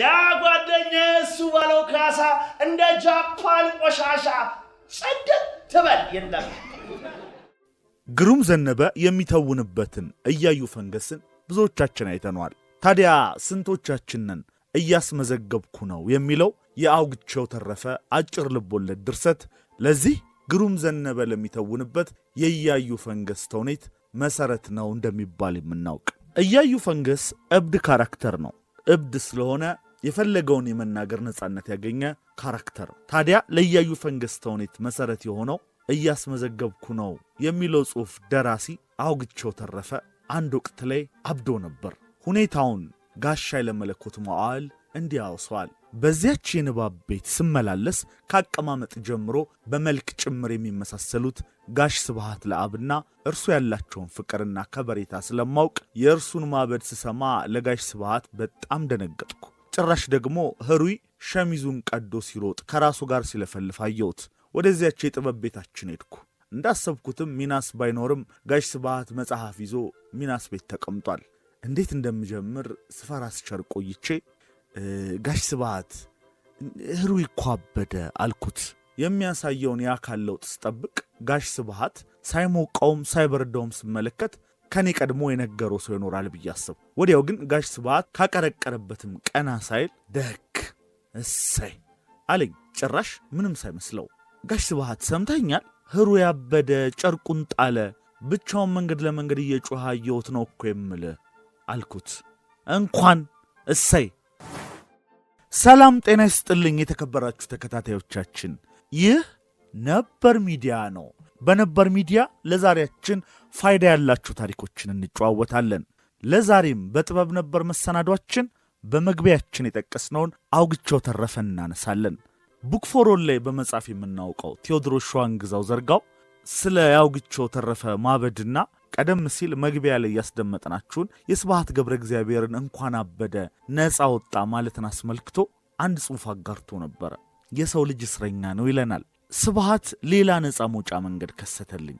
ያ ጓደኛ እሱ ባለው ካሳ እንደ ጃፓን ቆሻሻ ጸደት ትበል የለም። ግሩም ዘነበ የሚተውንበትን እያዩ ፈንገስን ብዙዎቻችን አይተነዋል። ታዲያ ስንቶቻችንን እያስመዘገብኩ ነው የሚለው የአውግቸው ተረፈ አጭር ልቦለድ ድርሰት ለዚህ ግሩም ዘነበ ለሚተውንበት የእያዩ ፈንገስ ተውኔት መሰረት ነው እንደሚባል የምናውቅ እያዩ ፈንገስ እብድ ካራክተር ነው። እብድ ስለሆነ የፈለገውን የመናገር ነፃነት ያገኘ ካራክተር። ታዲያ ለእያዩ ፈንገስ ተውኔት መሠረት የሆነው እያስመዘገብኩ ነው የሚለው ጽሑፍ ደራሲ አውግቸው ተረፈ አንድ ወቅት ላይ አብዶ ነበር። ሁኔታውን ጋሻ ለመለኮት መዋዕል እንዲህ በዚያች የንባብ ቤት ስመላለስ ከአቀማመጥ ጀምሮ በመልክ ጭምር የሚመሳሰሉት ጋሽ ስብሃት ለአብና እርሱ ያላቸውን ፍቅርና ከበሬታ ስለማውቅ የእርሱን ማበድ ስሰማ ለጋሽ ስብሃት በጣም ደነገጥኩ። ጭራሽ ደግሞ ህሩይ ሸሚዙን ቀዶ ሲሮጥ ከራሱ ጋር ሲለፈልፍ አየሁት። ወደዚያች የጥበብ ቤታችን ሄድኩ። እንዳሰብኩትም ሚናስ ባይኖርም ጋሽ ስብሃት መጽሐፍ ይዞ ሚናስ ቤት ተቀምጧል። እንዴት እንደምጀምር ስፈራ ስቸር ቆይቼ ጋሽ ስብሐት እህሩ ይኳበደ አልኩት። የሚያሳየውን የአካል ለውጥ ስጠብቅ ጋሽ ስብሃት ሳይሞቀውም ሳይበርደውም ስመለከት ከኔ ቀድሞ የነገረው ሰው ይኖራል ብዬ አስብ ወዲያው ግን ጋሽ ስብሃት ካቀረቀረበትም ቀና ሳይል ደክ እሰይ አለኝ፣ ጭራሽ ምንም ሳይመስለው። ጋሽ ስብሃት ሰምተኛል፣ ህሩ ያበደ ጨርቁን ጣለ፣ ብቻውን መንገድ ለመንገድ እየጮኸ አየሁት ነው እኮ የምልህ አልኩት። እንኳን እሰይ ሰላም ጤና ይስጥልኝ የተከበራችሁ ተከታታዮቻችን፣ ይህ ነበር ሚዲያ ነው። በነበር ሚዲያ ለዛሬያችን ፋይዳ ያላችሁ ታሪኮችን እንጨዋወታለን። ለዛሬም በጥበብ ነበር መሰናዷችን በመግቢያችን የጠቀስነውን አውግቸው ተረፈ እናነሳለን። ቡክፎሮን ላይ በመጻፍ የምናውቀው ቴዎድሮስ ሸዋንግዛው ዘርጋው ስለ አውግቸው ተረፈ ማበድና ቀደም ሲል መግቢያ ላይ ያስደመጥናችሁን የስብሐት ገብረ እግዚአብሔርን እንኳን አበደ ነፃ ወጣ ማለትን አስመልክቶ አንድ ጽሑፍ አጋርቶ ነበረ። የሰው ልጅ እስረኛ ነው ይለናል። ስብሐት ሌላ ነፃ መውጫ መንገድ ከሰተልኝ።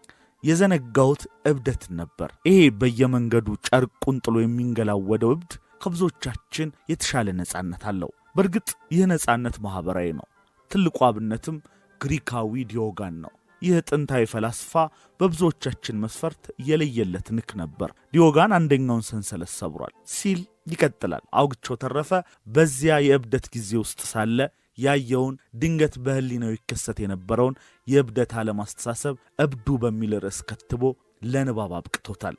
የዘነጋሁት እብደት ነበር። ይሄ በየመንገዱ ጨርቁን ጥሎ የሚንገላወደው እብድ ከብዙዎቻችን የተሻለ ነፃነት አለው። በእርግጥ ይህ ነፃነት ማኅበራዊ ነው። ትልቁ አብነትም ግሪካዊ ዲዮጋን ነው። ይህ ጥንታዊ ፈላስፋ በብዙዎቻችን መስፈርት የለየለት ንክ ነበር። ዲዮጋን አንደኛውን ሰንሰለት ሰብሯል ሲል ይቀጥላል። አውግቸው ተረፈ በዚያ የእብደት ጊዜ ውስጥ ሳለ ያየውን ድንገት በህሊናው ይከሰት የነበረውን የእብደት ዓለም አስተሳሰብ እብዱ በሚል ርዕስ ከትቦ ለንባብ አብቅቶታል።